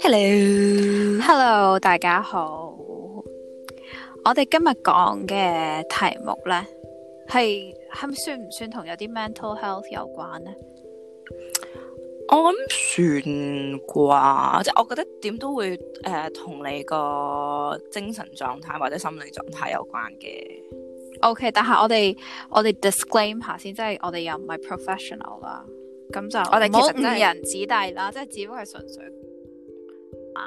Hello，Hello，Hello, 大家好。我哋今日講嘅題目呢，係係咪算唔算同有啲 mental health 有關呢？我諗算啩，即係我覺得點都會誒，同、呃、你個精神狀態或者心理狀態有關嘅。O、okay, K，但係我哋我哋 disclaim 下先，即係我哋又唔係 professional 啦，咁、嗯、就我哋其實誤人子弟啦，即係、嗯、只不過係純粹啊，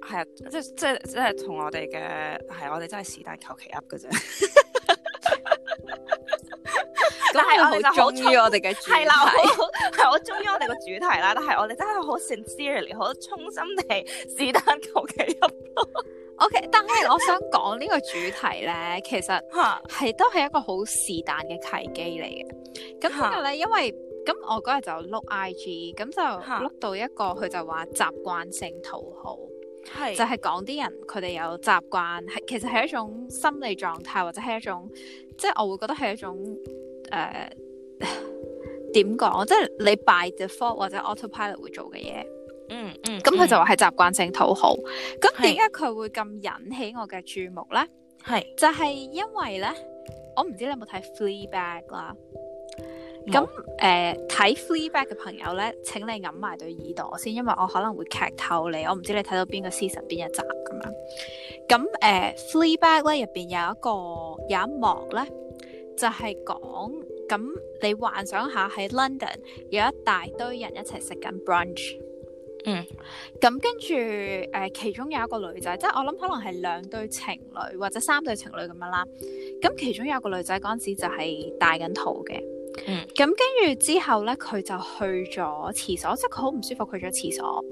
係啊，即係即係即係同我哋嘅係我哋真係 是但求其 up 嘅啫。但係我好中意我哋嘅主題係啦，係我中意我哋嘅主題啦， 但係我哋真係好 sincerely，好衷心地是但求其 up。 OK，但係我想講呢個主題咧，其實係都係一個好是但嘅契機嚟嘅。咁今日咧，因為咁我嗰日就碌 IG，咁就碌到一個佢就話習慣性討好，就係講啲人佢哋有習慣，係其實係一種心理狀態，或者係一種，即係我會覺得係一種誒，點、呃、講？即 係、就是、你 by default 或者 autopilot 會做嘅嘢。嗯嗯，咁、嗯、佢就話係習慣性討好。咁點解佢會咁引起我嘅注目呢？係、嗯、就係因為呢，我唔知你有冇睇 Fleabag 啦。咁誒、嗯，睇、呃、Fleabag 嘅朋友呢，請你揞埋對耳朵先，因為我可能會劇透你。我唔知你睇到邊個 season 邊一集咁樣。咁誒、呃、Fleabag 呢入邊有一個有一幕呢，就係講，咁你幻想下喺 London 有一大堆人一齊食緊 brunch。嗯，咁跟住誒，其中有一個女仔，即係我諗可能係兩對情侶或者三對情侶咁樣啦。咁其中有一個女仔，嗰陣時就係戴緊套嘅。嗯，咁跟住之後咧，佢就去咗廁所，即係佢好唔舒服，去咗廁所。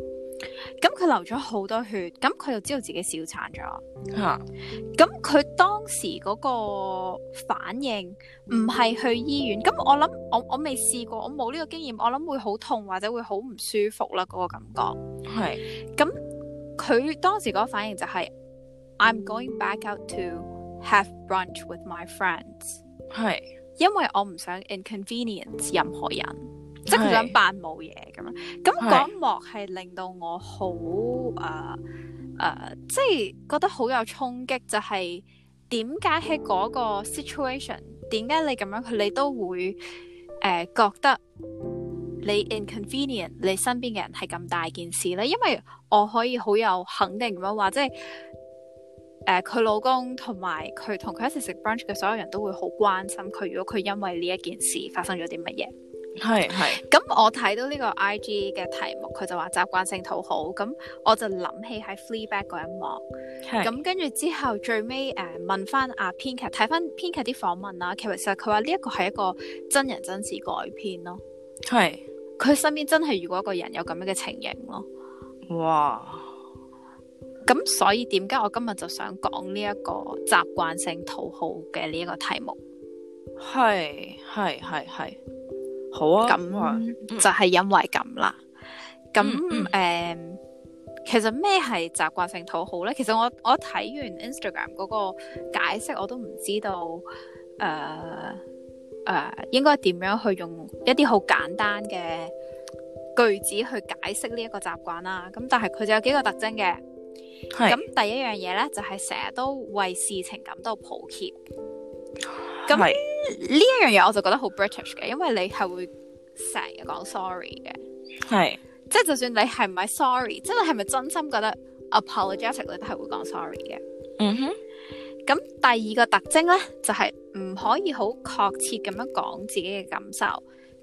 咁佢流咗好多血，咁佢就知道自己小產咗。吓、啊，咁佢當時嗰個反應唔係去醫院，咁我諗我我未試過，我冇呢個經驗，我諗會好痛或者會好唔舒服啦，嗰、那個感覺係。咁佢是當時嗰個反應就係、是、I'm going back out to have brunch with my friends，係，是因為我唔想 inconvenience 任何人。即係佢想扮冇嘢咁，咁嗰一幕係令到我好誒誒的、呃，即係覺得好有衝擊。就係點解喺嗰個 situation，點解你咁樣佢你都會誒、呃、覺得你 inconvenient，你身邊嘅人係咁大件事咧？因為我可以好有肯定咁樣話，即係誒佢老公同埋佢同佢一齊食 brunch 嘅所有人都會好關心佢，如果佢因為呢一件事發生咗啲乜嘢。係係，咁我睇到呢個 IG 嘅題目，佢就話習慣性討好，咁我就諗起喺 Fleabag 嗰一幕，咁是跟住之後最尾誒、呃、問翻阿編劇，睇翻編劇啲訪問啦，其實佢話呢一個係一個真人真事改編咯，係佢是身邊真係如果一個人有咁樣嘅情形咯，哇！咁、嗯、所以點解我今日就想講呢一個習慣性討好嘅呢一個題目？係係係係。好啊，咁、嗯嗯、就係因為咁啦。咁誒，其實咩係習慣性討好咧？其實我我睇完 Instagram 嗰個解釋，我都唔知道誒誒、呃呃，應該點樣去用一啲好簡單嘅句子去解釋呢一個習慣啦。咁、嗯、但係佢就有幾個特徵嘅。係咁是，第一樣嘢咧就係成日都為事情感到抱歉。咁呢一樣嘢我就覺得好 British 嘅，因為你係會成日講 sorry 嘅，係是，即係就算你係唔係 sorry，即係係咪真心覺得 apologize 你都係會講 sorry 嘅，嗯哼。咁第二個特徵咧就係、是、唔可以好確切咁樣講自己嘅感受，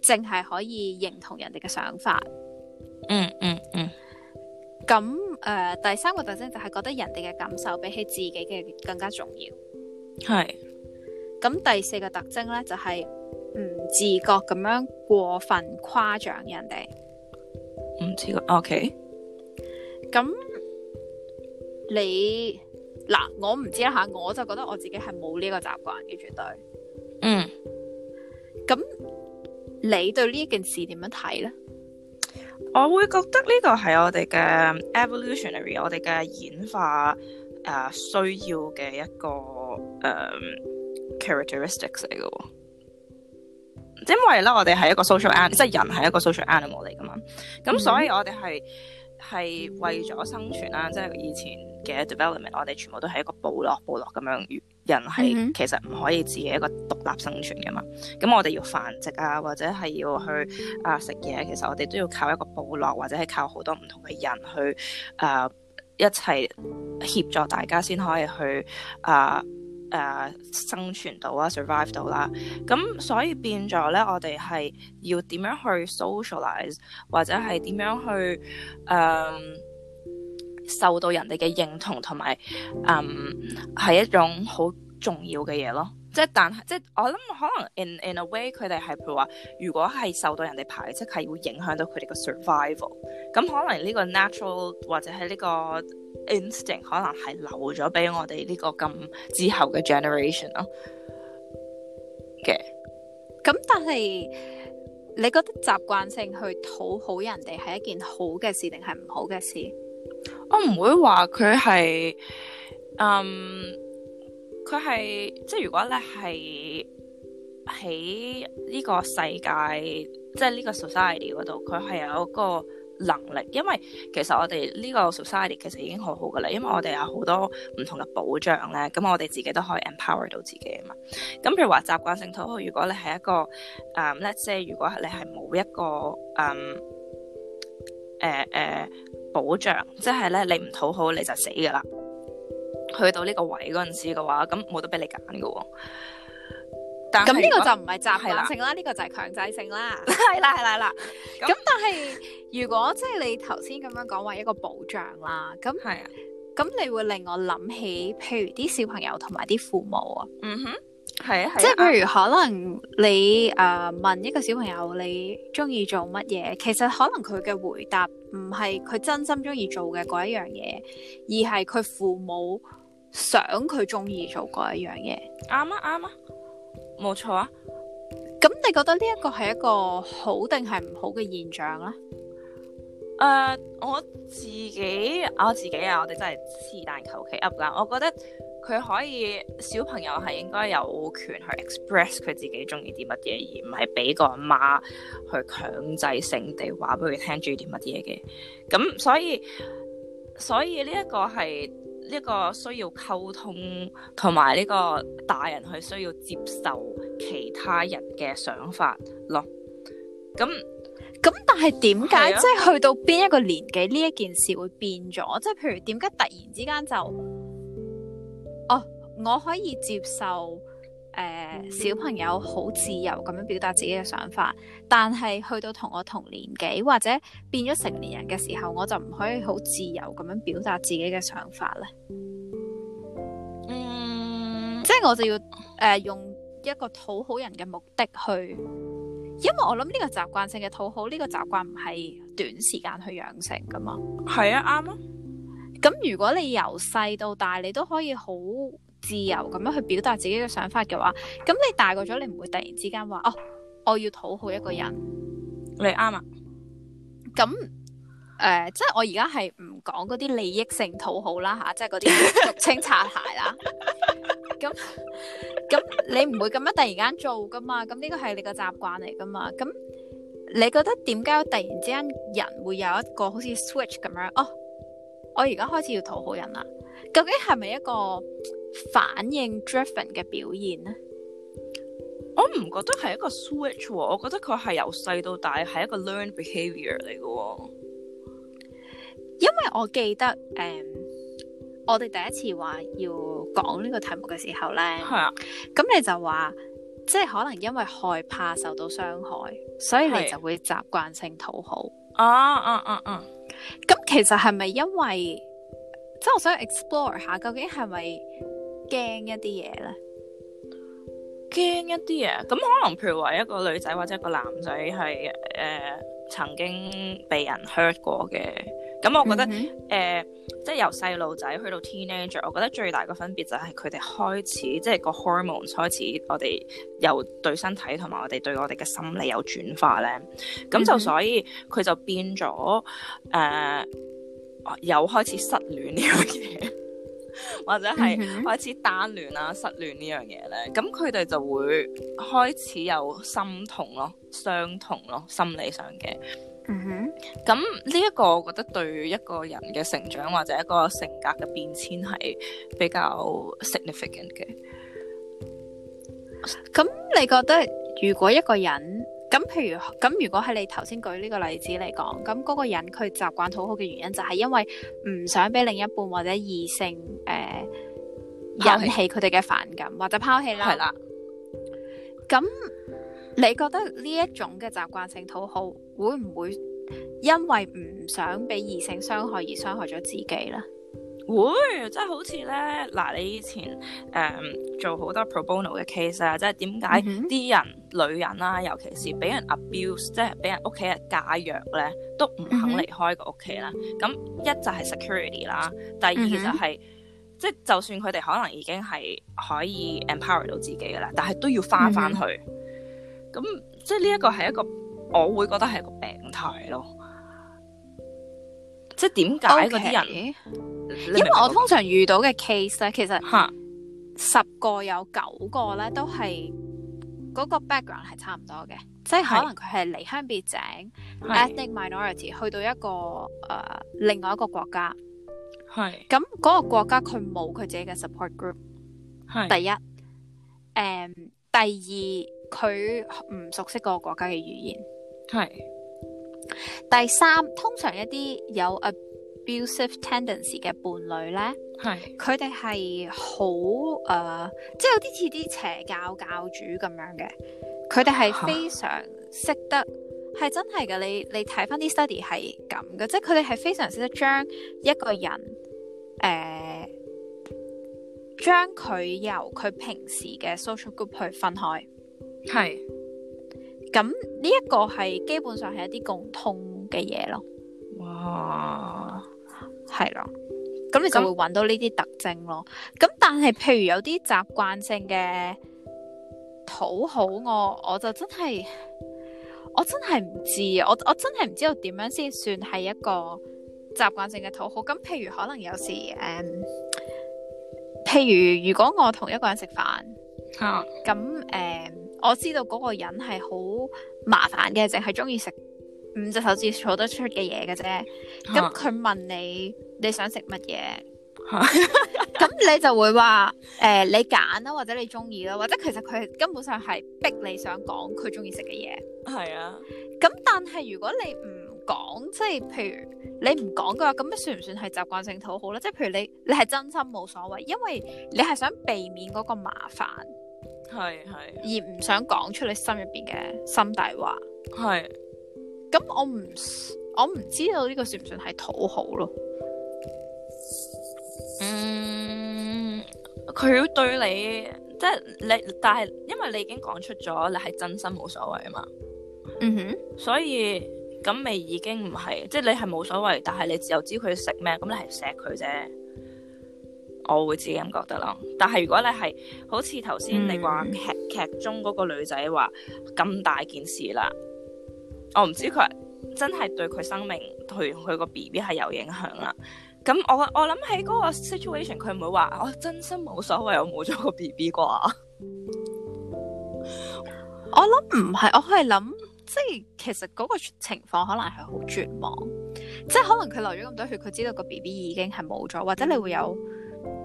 淨係可以認同人哋嘅想法。嗯嗯嗯。咁、嗯、誒、嗯呃，第三個特徵就係覺得人哋嘅感受比起自己嘅更加重要。係。咁第四個特徵咧，就係、是、唔自覺咁樣過分誇獎人哋，唔知覺。O K，咁你嗱，我唔知啦吓，我就覺得我自己係冇呢個習慣嘅，絕對。嗯。咁你對呢件事點樣睇咧？我會覺得呢個係我哋嘅 evolutionary，我哋嘅演化誒、呃、需要嘅一個誒。呃 characteristics 嚟嘅喎，因為咧，我哋係一個 social animal，即係人係一個 social animal 嚟噶嘛。咁所以我，我哋係係為咗生存啦，即係以前嘅 development，我哋全部都係一個部落部落咁樣。人係其實唔可以自己一個獨立生存噶嘛。咁我哋要繁殖啊，或者係要去啊食嘢，其實我哋都要靠一個部落，或者係靠好多唔同嘅人去啊一齊協助大家先可以去啊。誒、uh, 生存到啊，survive 到啦，咁、嗯、所以變咗咧，我哋係要點樣去 socialize，或者係點樣去誒、嗯、受到人哋嘅認同，同埋誒係一種好重要嘅嘢咯。即係但係，即係我諗可能 in in a way 佢哋係譬如話，如果係受到人哋排斥，係會影響到佢哋個 survival。咁可能呢個 natural 或者係呢個 instinct 可能係留咗俾我哋呢個咁之後嘅 generation 咯。嘅，咁但係你覺得習慣性去討好人哋係一件好嘅事定係唔好嘅事？我唔會話佢係，嗯、um。佢係即係，如果咧係喺呢個世界，即係呢個 society 嗰度，佢係有一個能力，因為其實我哋呢個 society 其實已經好好噶啦，因為我哋有好多唔同嘅保障咧，咁我哋自己都可以 empower 到自己啊嘛。咁譬如話習慣性討好，如果你係一個誒，即、um, 係如果你係冇一個誒誒、um, 呃呃、保障，即係咧你唔討好你就死噶啦。去到呢個位嗰陣時嘅話，咁冇得俾你揀嘅喎。但咁呢個就唔係習慣性啦，呢啦個就係強制性啦。係啦係啦啦。咁 但係如果即係你頭先咁樣講話一個保障啦，咁係啊。咁啦你會令我諗起，譬如啲小朋友同埋啲父母啊。嗯哼，係啊。即係譬如可能你誒、呃、問一個小朋友你中意做乜嘢，其實可能佢嘅回答唔係佢真心中意做嘅嗰一樣嘢，而係佢父母，想佢中意做嗰一樣嘢。嗯，啱啊，啱啊，冇錯啊。咁你覺得呢一個係一個好定係唔好嘅現象咧？誒、呃，我自己我自己啊，我哋真係是但求其 up 噶。我覺得佢可以，可以小朋友係應該有權去 express 佢自己中意啲乜嘢，而唔係俾個媽、阿媽去強制性地話俾佢聽中意啲乜嘢嘅。咁所以所以呢一個係。呢一個需要溝通，同埋呢個大人去需要接受其他人嘅想法咯。咁、嗯、咁、嗯，但係點解即係去到邊一個年紀，呢一件事會變咗？即係譬如點解突然之間就哦，我可以接受。誒、呃，小朋友好自由咁樣表達自己嘅想法，但係去到同我同年紀或者變咗成年人嘅時候，我就唔可以好自由咁樣表達自己嘅想法咧。嗯，即係我就要誒、呃、用一個討好人嘅目的去，因為我諗呢個習慣性嘅討好，呢、這個習慣唔係短時間去養成噶嘛。係啊，啱啊。咁如果你由細到大，你都可以好。自由咁樣去表達自己嘅想法嘅話，咁你大個咗，你唔會突然之間話哦，我要討好一個人，你啱啊。咁誒、嗯呃，即係我而家係唔講嗰啲利益性討好啦吓、啊，即係嗰啲俗稱擦鞋啦。咁咁、 嗯嗯嗯、你唔會咁樣突然間做噶嘛？咁呢個係你個習慣嚟噶嘛？咁、嗯、你覺得點解突然之間人會有一個好似 switch 咁樣哦？我而家開始要討好人啦，究竟係咪一個？反應 driven 嘅表現咧，我唔覺得係一個 switch，哦、我覺得佢係由細到大係一個 learned behavior 嚟嘅、哦。因為我記得，誒、嗯，我哋第一次話要講呢個題目嘅時候咧，係啊，咁你就話，即係可能因為害怕受到傷害，啊、所以你就會習慣性討好。哦、啊啊啊啊，嗯嗯嗯，咁其實係咪因為，即係我想 explore 下，究竟係咪？驚一啲嘢咧，驚一啲嘢，咁可能譬如話一個女仔或者一個男仔係誒曾經被人 hurt 過嘅，咁我覺得誒、mm hmm. 呃，即係由細路仔去到 teenager，我覺得最大嘅分別就係佢哋開始即係個 hormone 開始，就是、開始我哋由對身體同埋我哋對我哋嘅心理有轉化咧，咁就所以佢就變咗誒，有、呃、開始失戀呢樣嘢。 或者係是、mm hmm. 開始單戀啊、失戀呢樣嘢咧，咁佢哋就會開始有心痛咯、傷痛咯，心理上嘅。嗯哼、mm，咁呢一個我覺得對一個人嘅成長或者一個性格嘅變遷係比較 significant 嘅。咁你覺得如果一個人？咁，譬如咁，如果係你頭先舉呢個例子嚟講，咁嗰個人佢習慣討好嘅原因，就係因為唔想俾另一半或者異性誒、呃、引起佢哋嘅反感或者拋棄啦。係啦的，咁你覺得呢一種嘅習慣性討好，會唔會因為唔想俾異性傷害而傷害咗自己呢？會，即係好似咧，嗱，你以前誒、嗯、做好多 pro bono 嘅 case 啊，即係點解啲人女人啦、啊，尤其是俾人 abuse，即係俾人屋企人家虐咧，都唔肯離開個屋企咧。咁一就係 security 啦，第二就係、是 mm hmm. 即係就算佢哋可能已經係可以 empower 到自己噶啦，但係都要返返去。咁、mm hmm. 即係呢一個係一個，我會覺得係個病態咯。即係點解嗰啲人？Okay, 因為我通常遇到嘅 case 咧，其實吓十個有九個咧，都係嗰個 background 係差唔多嘅，是即係可能佢係離鄉別井是，ethnic minority 去到一個誒、呃、另外一個國家，係咁嗰個國家佢冇佢自己嘅 support group，係是第一，誒、嗯、第二佢唔熟悉嗰個國家嘅語言，係。第三，通常一啲有 abusive tendency 嘅伴侶咧，係佢哋係好誒，即係有啲似啲邪教教主咁樣嘅，佢哋係非常識得，係、啊、真係嘅。你你睇返啲 study 係咁嘅，即係佢哋係非常識得將一個人誒，將、呃、佢由佢平時嘅 social group 去分開，係。咁呢一個係基本上係一啲共通嘅嘢咯。哇，係、嗯、咯，咁你就會揾到呢啲特徵咯。咁但係譬如有啲習慣性嘅討好我，我就真係我真係唔知啊！我我真係唔知道點樣先算係一個習慣性嘅討好。咁譬如可能有時誒、嗯，譬如如果我同一個人食飯，啊，咁誒。嗯我知道嗰個人係好麻煩嘅，淨係中意食五隻手指數得出嘅嘢嘅啫。咁佢哈 問你，你想食乜嘢？咁哈 你就會話誒、呃、你揀啦，或者你中意咯，或者其實佢根本上係逼你想講佢中意食嘅嘢。係是啊，咁但係如果你唔講，即係譬如你唔講嘅話，咁咪算唔算係習慣性討好咧？即係譬如你你係真心冇所謂，因為你係想避免嗰個麻煩。係係，而唔想講出你心入邊嘅心底話。係，咁我唔我唔知道呢個算唔算係討好咯？嗯，佢對你即係你，但係因為你已經講出咗你係真心冇所謂啊嘛。嗯哼，所以咁咪已經唔係，即係你係冇所謂，但係你又知佢食咩，咁你係錫佢啫。我會自己咁覺得咯。但係如果你係好似頭先你話劇劇中嗰個女仔話咁大件事啦，我唔知佢真係對佢生命同佢個 B B 係有影響啦。咁我我諗喺嗰個 situation，佢唔會話我真心冇所謂，我冇咗個 B B 啩。我諗唔係，我係諗即係其實嗰個情況可能係好絕望，即係可能佢流咗咁多血，佢知道個 B B 已經係冇咗，或者你會有。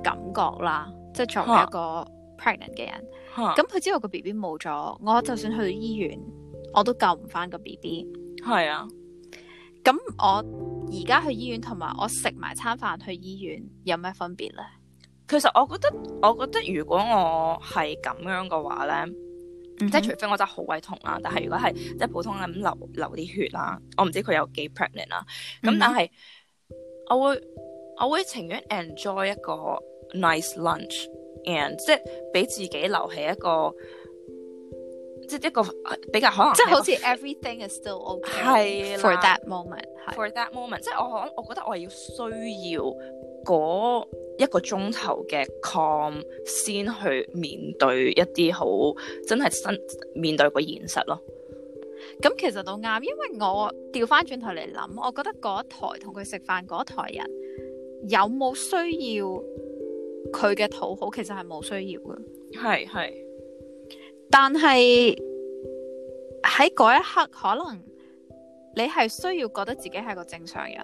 感覺啦，即係作為一個 pregnant 嘅人，咁佢蛤知道個 B B 冇咗，我就算去醫院，我都救唔翻個 B B。係啊，咁我而家去醫院同埋我食埋餐飯去醫院有咩分別咧？其實我覺得，我覺得如果我係咁樣嘅話咧，嗯、哼即係除非我真係好胃痛啦、啊，但係如果係即係普通咁流流啲血啦、啊，我唔知佢有幾 pregnant 啦，咁、嗯、哼但係是我會。我會情願 enjoy 一個 nice lunch，and 即係俾自己留起一個，即係一個比較可能，即係好似 everything is still okay 係 for that moment，for 的 that moment，的即係我我覺得我係要需要嗰一個鐘頭嘅 calm 先去面對一啲好真係新面對個現實咯。咁其實都啱，因為我調翻轉頭嚟諗，我覺得嗰台同佢食飯嗰台人。有冇需要佢嘅討好？其實係冇需要嘅。係係，但係喺嗰一刻，可能你係需要覺得自己係個正常人，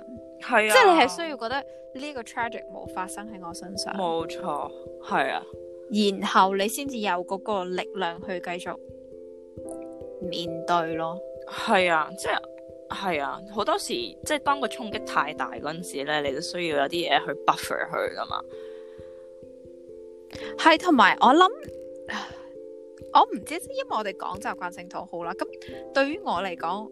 係啊，即係你係需要覺得呢個 tragic 冇發生喺我身上。冇錯，係啊，然後你先至有嗰個力量去繼續面對咯。係啊，即係。係啊，好多時即係當個衝擊太大嗰陣時咧，你都需要有啲嘢去 buffer 佢噶嘛。係，同埋我諗，我唔知，因為我哋講習慣性討好啦。咁對於我嚟講，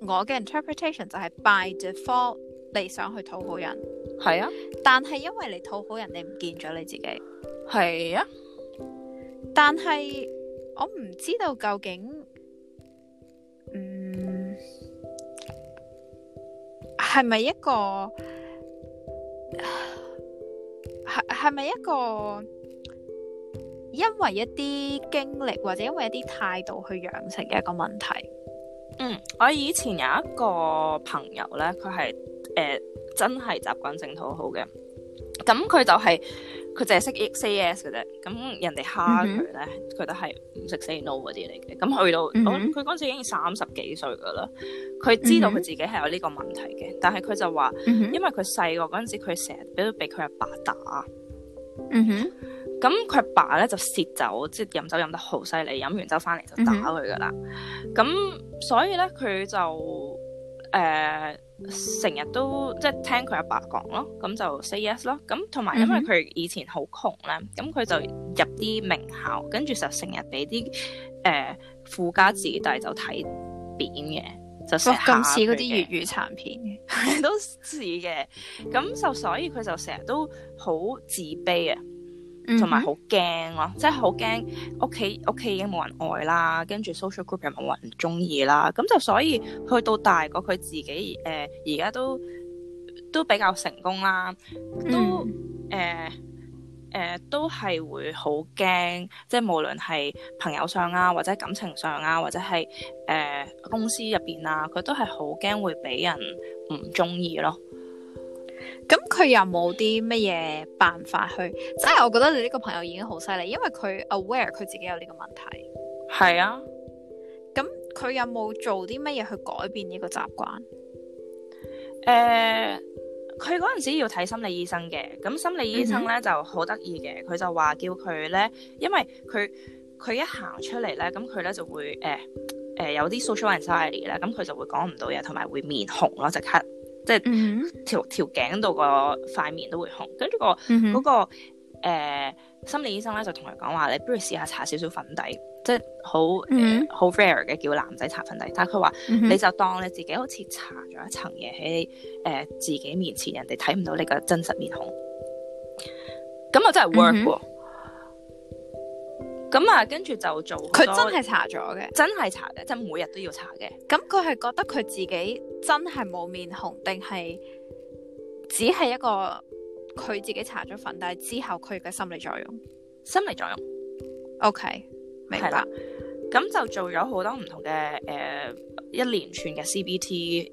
我嘅 interpretation 就係 by default，你想去討好人。係啊，但係因為你討好人，你唔見咗你自己。係啊，但係我唔知道究竟。係咪一個係，係咪一個因為一啲經歷或者因為一啲態度去養成嘅一個問題？嗯，我以前有一個朋友呢，佢係誒真係習慣性討好嘅，咁佢就係、是。佢淨係識 say yes 嘅啫、mm，咁人哋蝦佢咧，佢都係唔識 say no 嗰啲嚟嘅。咁去到，佢嗰陣時已經三十幾歲噶啦，佢知道佢自己係有呢個問題嘅，但係佢就話，mm hmm. 因為佢細個嗰陣時，佢成日都俾佢阿爸打。嗯哼、mm，咁佢阿爸咧就攝酒，即係飲酒飲得好犀利，飲完酒翻嚟就打佢噶啦。咁、mm hmm. 所以咧，佢就。誒成日都即係聽佢阿爸講咯，咁就 say yes 咯。咁同埋因為佢以前好窮咧，咁佢、嗯、哼就入啲名校，跟住就成日俾啲誒富家子弟就睇扁嘅，就咁似嗰啲粵語殘片 都似嘅，都似嘅。咁就所以佢就成日都好自卑啊。同埋好驚咯，即係好驚屋企屋企已經冇人愛啦，跟住 social group 又冇人中意啦，咁就所以去到大個佢自己誒而家都都比較成功啦，都誒誒、嗯呃呃、都係會好驚，即係無論係朋友上啊，或者感情上啊，或者係誒、呃、公司入邊啊，佢都係好驚會俾人唔中意咯。咁佢有冇啲乜嘢辦法去？即係我覺得你呢個朋友已經好犀利，因為佢 aware 佢自己有呢個問題。係啊，咁佢有冇做啲乜嘢去改變呢個習慣？誒、呃，佢嗰陣時要睇心理醫生嘅，咁心理醫生咧就好得意嘅，佢、嗯、哼就話叫佢咧，因為佢佢一行出嚟咧，咁佢咧就會誒誒、呃呃、有啲 social anxiety 咧，咁佢就會講唔到嘢，同埋會面紅咯，即刻。即係條條頸度個塊面都會紅，跟住、個、mm hmm. 嗰個誒、呃、心理醫生咧就同佢講話，你不如試下搽少少粉底，即係好誒好 rare 嘅叫男仔搽粉底，但係佢話，你就當你自己好似搽咗一層嘢喺誒自己面前，人哋睇唔到你個真實面孔，咁啊真係 work 喎、mm。Hmm. 哦。咁啊，跟住、嗯、就做。佢真係查咗嘅，真係查嘅，即係每日都要查嘅。咁佢係覺得佢自己真係冇面紅，定係只係一個佢自己查咗份，但係之後佢嘅心理作用，心理作用。O、okay, K，明白啦。咁就做咗好多唔同嘅，誒、呃，一連串嘅 C B T。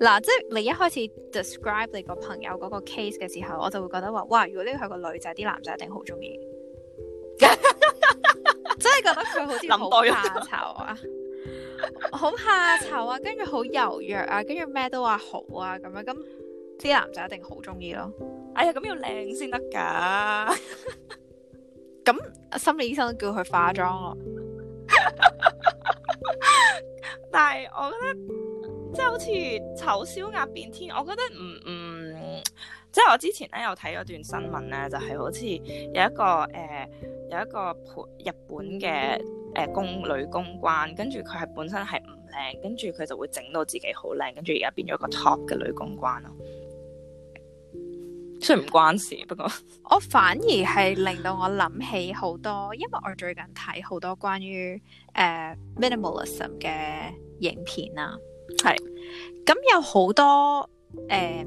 嗱、啊，即係你一開始 describe 你個朋友嗰個 case 嘅時候，我就會覺得話，哇，如果呢個係個女仔，啲男仔一定好中意， 真係覺得佢好怕醜啊，好 怕醜啊，跟住好柔弱啊，跟住咩都話好啊，咁樣咁，啲男仔一定好中意咯。哎呀，咁要靚先得噶，咁 心理醫生都叫佢化妝咯、啊， 但係我覺得、嗯。即係好似醜小鴨變天，我覺得唔唔、嗯嗯，即係我之前咧有睇一段新聞咧，就係、是、好似有一個誒、呃、有一個日本嘅誒宮女公關，跟住佢係本身係唔靚，跟住佢就會整到自己好靚，跟住而家變咗個 top 嘅女公關咯。雖然唔關事，不過 我反而係令到我諗起好多，因為我最近睇好多關於誒、呃、minimalism 嘅影片啊。係，咁是有好多誒、uh,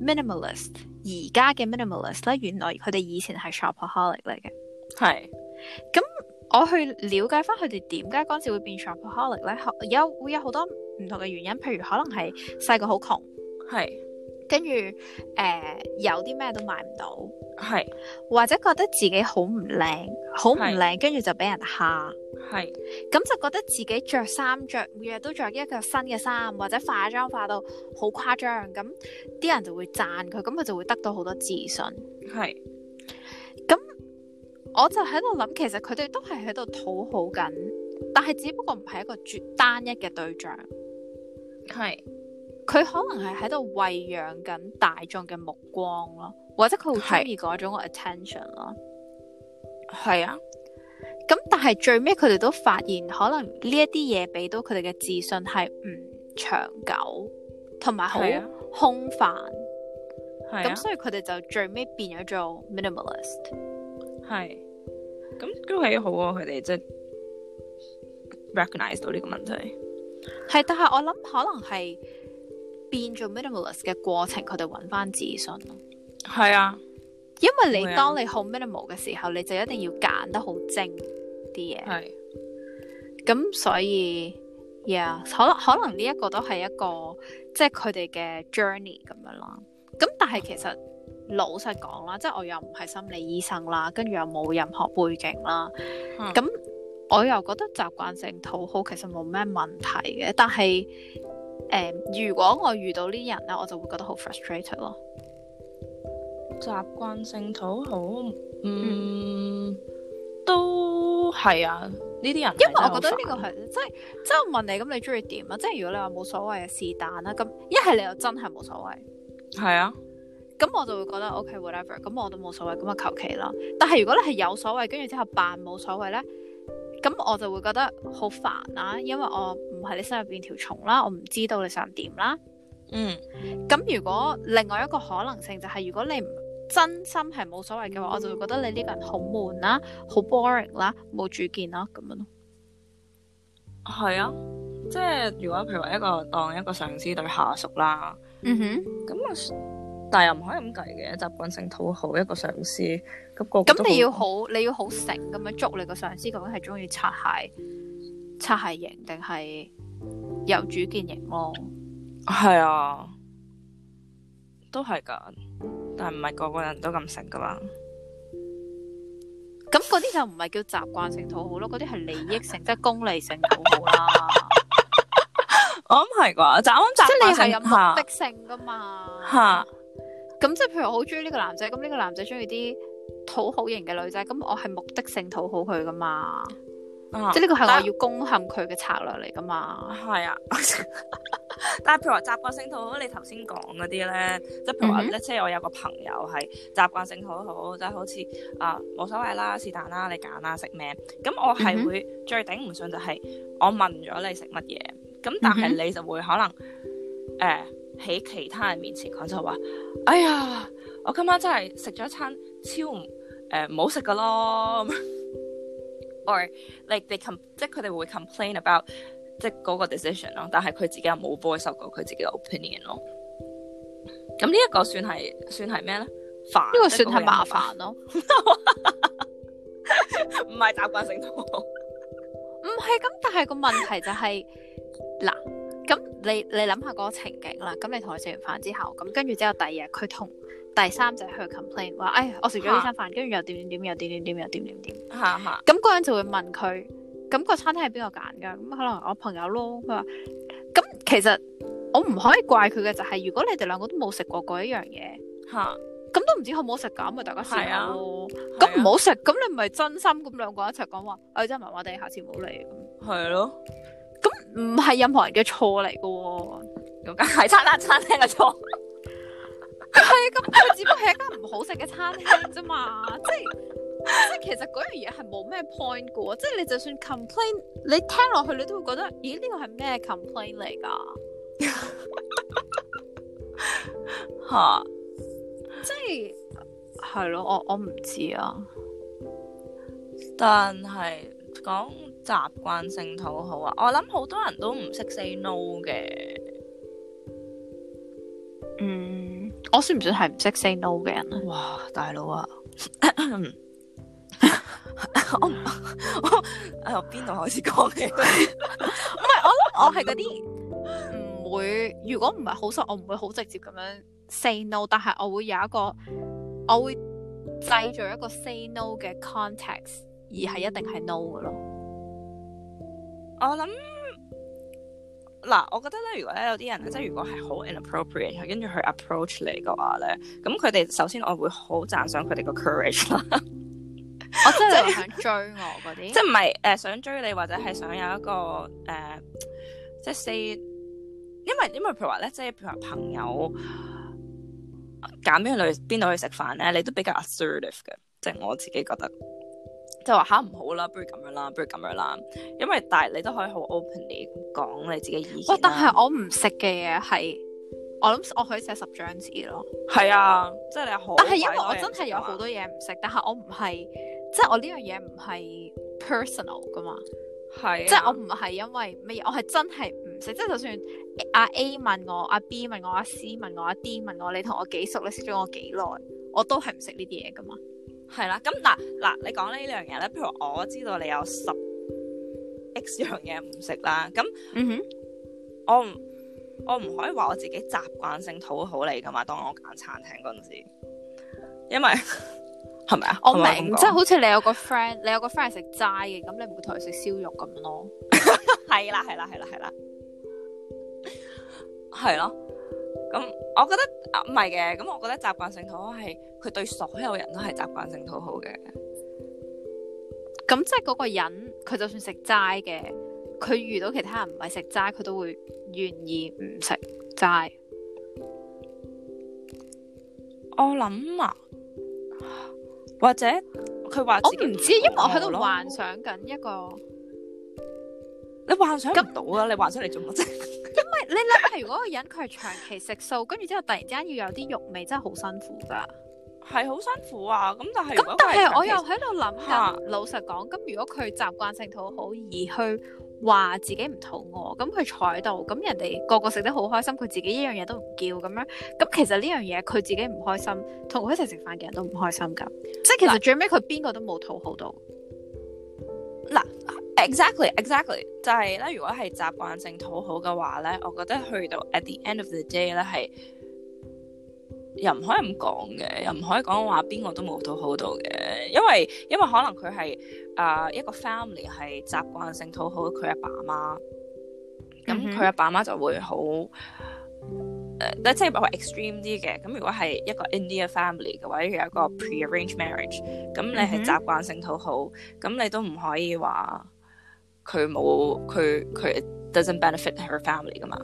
minimalist 而家嘅 minimalist 咧，原來佢哋以前係 shopaholic 嚟嘅。係是，咁我去了解翻佢哋點解嗰陣時會變 shopaholic 咧，有會有好多唔同嘅原因，譬如可能係細個好窮。係。跟住，誒、呃、有啲咩都買唔到，係是或者覺得自己好唔靚，好唔靚，跟住是就俾人蝦，係咁是、嗯、就覺得自己着衫着，每日都着一件新嘅衫，或者化妝化到好誇張，咁啲人就會讚佢，咁佢就會得到好多自信，係是。咁我就喺度諗，其實佢哋都係喺度討好緊，但係只不過唔係一個絕單一嘅對象，係。佢可能係喺度餵養緊大眾嘅目光咯，或者佢好中意嗰種 attention 咯。係啊，咁、啊、但係最尾佢哋都發現，可能呢一啲嘢俾到佢哋嘅自信係唔長久，同埋好空泛。係、啊，咁所以佢哋就最尾變咗做 minimalist。係、啊，咁都幾好啊！佢哋即係 recognize 到呢個問題。係、啊，但係我諗可能係。變做 minimalist 嘅過程，佢哋揾翻自信咯。係啊，因為你當你好 minimal 嘅時候，啊，你就一定要揀得好精啲嘢。係。咁所以，呀，yeah，可能可能呢一個都係一個，即係佢哋嘅 journey 咁樣啦。咁但係其實老實講啦，即係我又唔係心理醫生啦，跟住又冇任何背景啦。咁，嗯，我又覺得習慣性討好其實冇咩問題嘅，但係。誒，um, 如果我遇到呢人咧，我就會覺得好 frustrated 咯。習慣性討好，嗯，嗯都係啊，呢啲人。因為我覺得呢個係是，即係即係問你咁，你中意點啊？即係如果你話冇所謂嘅是但啦，咁一係你又真係冇所謂，係啊。咁我就會覺得 OK whatever，咁我都冇所謂，咁就求其啦。但係如果你係有所謂，跟住之後扮冇所謂咧。咁我就會覺得好煩啦、啊，因為我唔係你心入邊條蟲啦、啊，我唔知道你想點啦、啊。嗯，咁如果另外一個可能性就係如果你唔真心係冇所謂嘅話，我就會覺得你呢個人好悶啦、啊，好 boring 啦、啊，冇主見啦、啊，咁樣咯。係啊，即係如果譬如話一個當一個上司對下屬啦，嗯哼，咁啊。但又唔可以咁計嘅，習慣性討好一個上司咁個。咁你要好，你要好醒咁樣捉你個上司，究竟係鍾意擦鞋、擦鞋型定係有主見型咯、啊？係、嗯、啊，都係㗎，但係唔係個個人都咁醒噶嘛？咁嗰啲就唔係叫習慣性討好咯，嗰啲係利益性， 即係功利性討好啦、 哦。我諗係啩，習慣性即你係有目的性噶嘛嚇？咁即係譬如我好中意呢個男仔，咁呢個男仔中意啲討好型嘅女仔，咁我係目的性討好佢噶嘛，嗯啊、即係呢個係我要攻陷佢嘅策略嚟噶嘛。係、嗯、啊，但係 譬如話習慣性討好，你頭先講嗰啲咧，即係譬如話，即係、嗯、哼我有個朋友係習慣性討好，即、就、係、是、好似啊冇所謂啦，是但啦，你揀啦食咩，咁我係會、嗯、哼最頂唔順就係我問咗你食乜嘢，咁但係你就會可能誒。呃喺其他人面前講就話：哎呀，我今晚真係食咗一餐超誒唔、呃、好食嘅咯。 Or l、like、即係佢哋會 complain about 即係嗰個 decision 咯，但係佢自己又冇 voice 佢自己嘅 opinion 咯。咁呢一個算係算係咩咧？呢個算係麻煩咯，唔係 習慣性討好，唔係咁。但係個問題就係、是、嗱。 咁你你諗下嗰個情景啦，咁你同佢食完飯之後，咁跟住之後第二日佢同第三者去 complain 話，哎，我食咗呢餐飯，跟住又點點點又點點點又點點點，吓吓，咁嗰人就會問佢，咁個餐廳係邊個揀噶？咁可能我朋友咯，佢話，咁其實我唔可以怪佢嘅，就係如果你哋兩個都冇食過嗰一樣嘢，吓，咁都唔知好唔好食咁啊，大家食咯，咁唔好食，咁你咪真心咁兩個一齊講話，哎，真係麻麻地，下次唔好嚟，係咯。唔係任何人嘅錯嚟嘅，嗰間係餐啦 餐廳嘅錯，係咁，佢只不過係一間唔好食嘅餐廳啫嘛，即係即係其實嗰樣嘢係冇咩 point 嘅，即係你就算 complain，你聽落去你都會覺得，咦呢個係咩 complain 嚟噶？吓 哈， 即係係咯，我我唔知啊，但係講。習慣性討好啊！我諗好多人都唔識 say no 嘅。嗯，我算唔算係唔識 say no 嘅人啊？哇，大佬啊！ 我不 我誒，邊度開始講嘅？唔 係， 我諗我係嗰啲唔會，如果唔係好熟，我唔會好直接咁樣 say no，但係我會有一個，我會製造一個 say no 嘅 context，麼而係一定係 no 嘅咯。我諗嗱，我覺得咧，如果咧有啲人咧，嗯、即係如果係好 inappropriate，跟住去 approach 你嘅話咧，咁佢哋首先我會好讚賞佢哋個 courage 啦。 我真係 想追我嗰啲，即係唔係誒想追你，或者係想有一個誒、嗯呃、即係 say，因為因為譬如話咧，即係譬如話朋友揀邊個去邊度去食飯咧，你都比較 assertive 嘅，即係我自己覺得。就話吓唔好啦，不如咁樣啦，不如咁樣啦，因為但係你都可以好 openly 咁講你自己意思，哦。但係我唔識嘅嘢係，我諗我可以寫十張紙咯。係啊，啊即係你可。但係因為我真係有好多嘢唔識，吧但係我唔係，即、就、係、是、我呢樣嘢唔係 personal 噶嘛。係、啊。即係我唔係因為咩嘢，我係真係唔識。即、就、係、是、就算阿 A 問我，阿、啊、B 問我，阿、啊、C 問我，阿、啊、D 問我，你同我幾熟？你識咗我幾耐？我都係唔識呢啲嘢噶嘛。係啦，咁嗱嗱，你講呢樣嘢咧，譬如我知道你有十 x 樣嘢唔食啦，咁、嗯哼，我我唔可以話我自己習慣性討好你噶嘛，當我揀餐廳嗰陣時，因為係咪啊？ 是是我明，是是即係好似你有個 friend，你有個 friend 係食齋嘅，咁你唔會同佢食燒肉咁樣咯，係啦係啦係啦係啦，係咯。 咁、嗯、我覺得唔係嘅，咁、啊嗯、我覺得習慣性討好係佢對所有人都係習慣性討好嘅。咁即係嗰個人，佢就算食齋嘅，佢遇到其他人唔係食齋，佢都會願意唔食齋。我諗啊，或者佢話、啊、我唔知，因為我喺度幻想緊一個，你幻想唔到啊！那你幻想嚟做乜啫？ 因為你諗下，如果個人佢係長期食素，跟住之後突然之間要有啲肉味，真係好辛苦㗎。係好辛苦啊！咁但係咁，但係我又喺度諗下，啊、老實講，咁如果佢習慣性討好而去話自己唔肚餓，咁佢坐喺度，咁人哋個個食得好開心，佢自己一樣嘢都唔叫咁樣，咁其實呢樣嘢佢自己唔開心，同佢一齊食飯嘅人都唔開心㗎。即係其實喇，最尾佢邊個都冇討好到。嗱，exactly，exactly。Exactly, exactly. 就係咧，如果係習慣性討好嘅話咧，我覺得去到 at the end of the day 咧，係又唔可以咁講嘅，又唔可以講話邊個都冇討好到嘅，因為因為可能佢係啊一個 family 係習慣性討好佢阿爸媽，咁佢阿爸媽就會好誒、mm hmm. 呃，即係話 extreme 啲嘅。咁如果係一個 India family 嘅話，例如一個 pre-arranged marriage，咁你係習慣性討好，咁你都唔可以話。佢冇佢佢 doesn't benefit her family 噶嘛，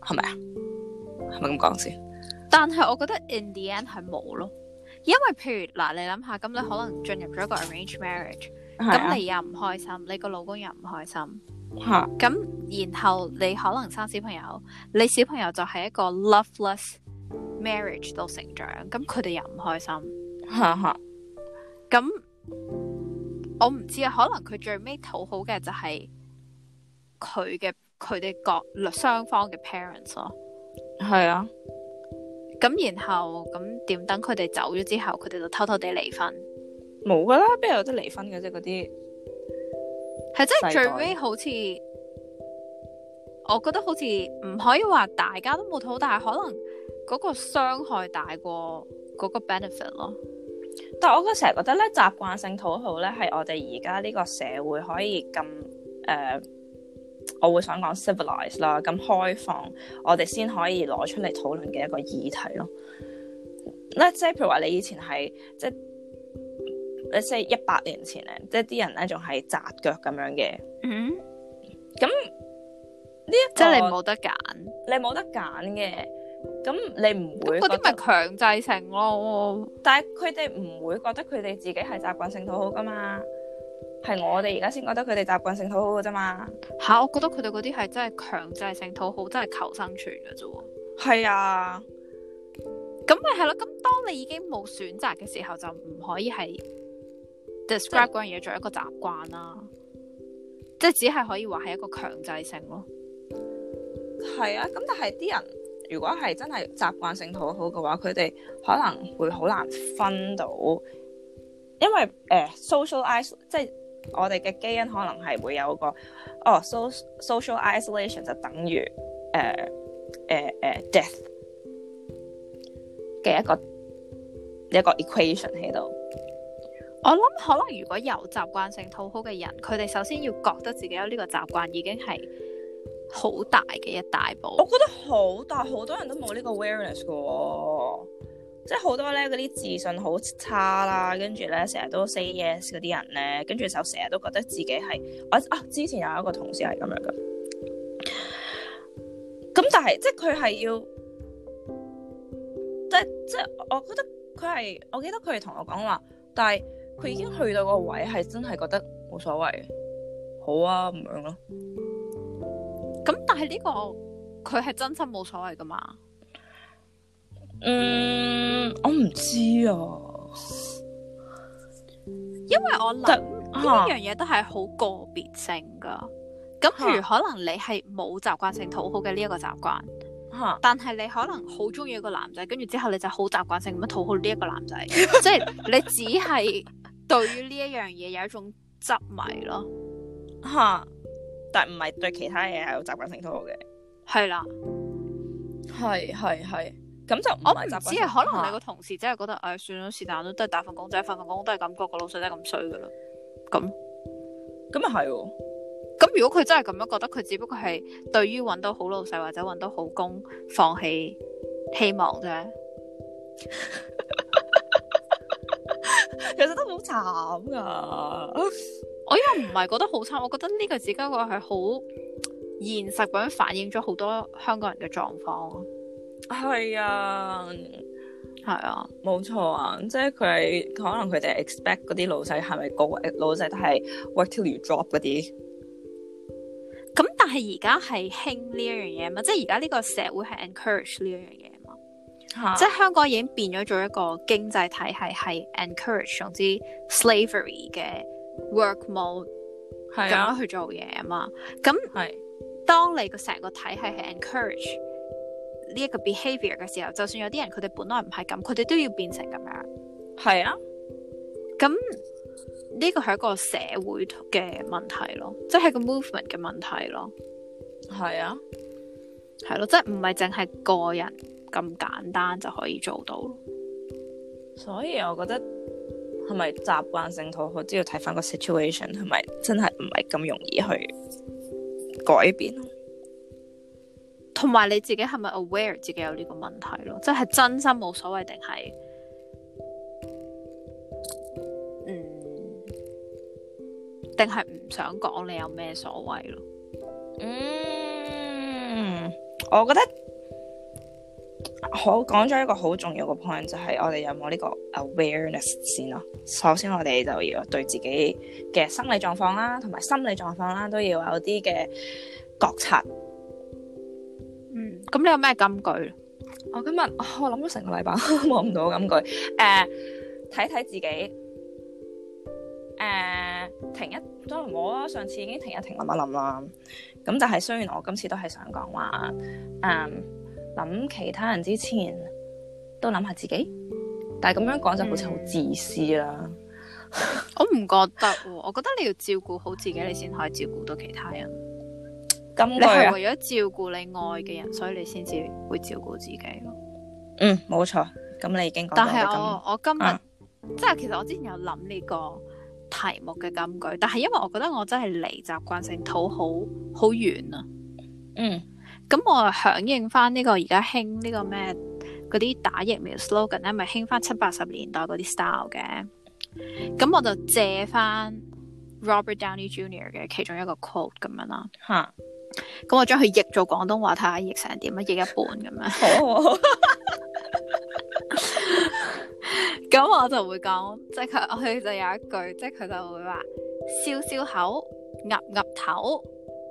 係咪啊？係咪咁講先？但係我覺得 in the end 係冇咯，因為譬如嗱，你諗下，咁你可能進入咗一個 arranged marriage，咁 你又唔開心，你個老公又唔開心，係，咁然後你可能生小朋友，你小朋友就係一個 loveless marriage 度成長，咁佢哋又唔開心，哈哈， 咁。我唔知啊，可能佢最尾討好嘅就係佢嘅佢哋各兩方嘅 parents 咯。係啊，咁然後咁點等佢哋走咗之後，佢哋就偷偷地離婚。冇㗎啦，邊有得離婚嘅啫？嗰啲係真係最尾好似，我覺得好似唔可以話大家都冇討好，但係可能嗰個傷害大過嗰個 benefit 咯。但係我都成日覺得咧，習慣性討好咧，係我哋而家呢個社會可以咁誒、呃，我會想講 civilize 啦，咁開放，我哋先可以攞出嚟討論嘅一個議題咯。那即係譬如話，你以前係即係，你即係一百年前咧，即係啲人咧仲係紮腳咁樣嘅。嗯，咁呢一即係你冇得揀，你冇得揀嘅。嗯咁你唔會嗰啲咪強制性咯。但係佢哋唔會覺得佢哋自己係習慣性討好噶嘛，係我哋而家先覺得佢哋習慣性討好噶啫嘛。吓、啊，我覺得佢哋嗰啲係真係強制性討好，真係求生存噶啫。係啊，咁咪係咯。咁當你已經冇選擇嘅時候，就唔可以係 describe 嗰樣嘢做一個習慣啦。即係、啊、只係可以話係一個強制性咯。係啊，咁但係啲人。如果係真係習慣性討好嘅話，佢哋可能會好難分到，因為誒、呃、social isolation 即係我哋嘅基因可能係會有個哦，so social isolation 就等於誒誒誒 death 嘅一個一個 equation 喺度。我諗可能如果有習慣性討好嘅人，佢哋首先要覺得自己有呢個習慣已經係好大嘅一大步，我覺得好大，好多人都冇呢個 awareness 嘅、哦，即係好多咧嗰啲自信好差啦、啊，跟住咧成日都 say yes 嗰啲人咧，跟住就成日都覺得自己係我啊，啊，之前有一個同事係咁樣嘅，咁但係即係佢係要，即即係我覺得佢係，我記得佢係同我講話，但係佢已經去到個位係真係覺得冇所謂，好啊咁樣咯。咁但係、這、呢個佢係真心冇所謂噶嘛？嗯，我唔知啊，因為我諗呢樣嘢都係好個別性噶。咁譬如可能你係冇習慣性討好嘅呢一個習慣吓，哈但係你可能好中意一個男仔，跟住之後你就習慣好習慣性咁樣討好呢一個男仔，即係 你只係對於呢一樣嘢有一種執迷咯吓。但唔係對其他嘢有習慣性討好嘅，係啦，係係係，咁就我唔知，可能你個同事真係覺得，哎，算啦，是但都，都係打份工仔，份份 工都係咁，個老細都係咁衰噶啦，咁咁又係哦，咁如果佢真係咁樣覺得，佢只不過係對於搵到好老細或者搵到好工放棄希望啫，其實都好慘噶。 我又唔係覺得好差，我覺得呢個只不過係好現實咁反映咗好多香港人嘅狀況。係啊，係啊，冇錯啊。即係佢可能佢哋 expect 嗰啲老細，係咪個老細都係 work till you drop 嗰啲？咁但係而家係興呢一樣嘢嘛？即係而家呢個社會係 encourage 呢一樣嘢嘛？哈即係香港已經變咗做一個經濟體系係 encourage，總之 slavery 嘅。Work mode 咁樣、啊、去做嘢啊嘛，咁係當你個成個體系係 encourage 呢一個 behavior 嘅時候，就算有啲人佢哋本來唔係咁，佢哋都要變成咁樣。係啊，咁呢個係一個社會嘅問題咯，即係個 movement 嘅問題咯。係啊，係咯，即係唔係淨係個人咁簡單就可以做到。所以我覺得。同埋習慣性討好，都要睇翻個 situation，係咪真係唔係咁容易去改變？同埋你自己係咪 aware 自己有呢個問題咯？即係真心冇所謂定係，嗯，定係唔想講你有咩所謂咯？嗯，我覺得。我講咗一個好重要嘅 point，就係我哋有冇呢個 awareness 先咯，啊。首先，我哋就要對自己嘅生理狀況啦，同埋心理狀況啦，都要有啲嘅覺察。嗯，咁你有咩金句？我今日我諗咗成個禮拜，都望唔到金句。誒，呃，睇睇自己。誒，呃，停一都唔好啦，我上次已經停一停諗一諗啦。咁但係雖然我今次都係想講話，嗯。諗其他人之前，都諗下自己，但係咁樣講就好似好自私啦、嗯。 我唔覺得喎，我覺得你要照顧好自己，嗯、你先可以照顧到其他人。金句啊，為咗照顧你愛嘅人，所以你先至會照顧自己咯。嗯，冇錯。咁你已經講，但係我我今日、嗯、即係其實我之前有諗呢個題目嘅金句，但係因為我覺得我真係離習慣性討好好遠啊。嗯。咁我啊，響應翻呢個而家興呢個咩嗰啲打疫苗 slogan 咧，咪興翻七八十年代嗰啲 style 嘅。咁我就借翻 Robert Downey Junior 嘅其中一個 quote 咁樣啦。嚇、嗯！咁我將佢譯做廣東話睇下譯成點啊，譯一半咁樣。哦。咁我就會講，即係佢佢就有一句，即係佢就會話：笑笑口，岌岌頭。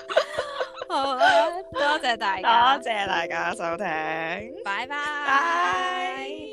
好啦，多謝大家，多謝大家收聽，拜拜 bye。